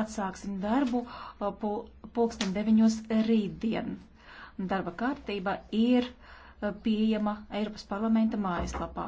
atsāksim darbu uh, pulksten deviņos rītdien. Darba kārtība ir uh, pieejama Eiropas parlamenta mājaslapā.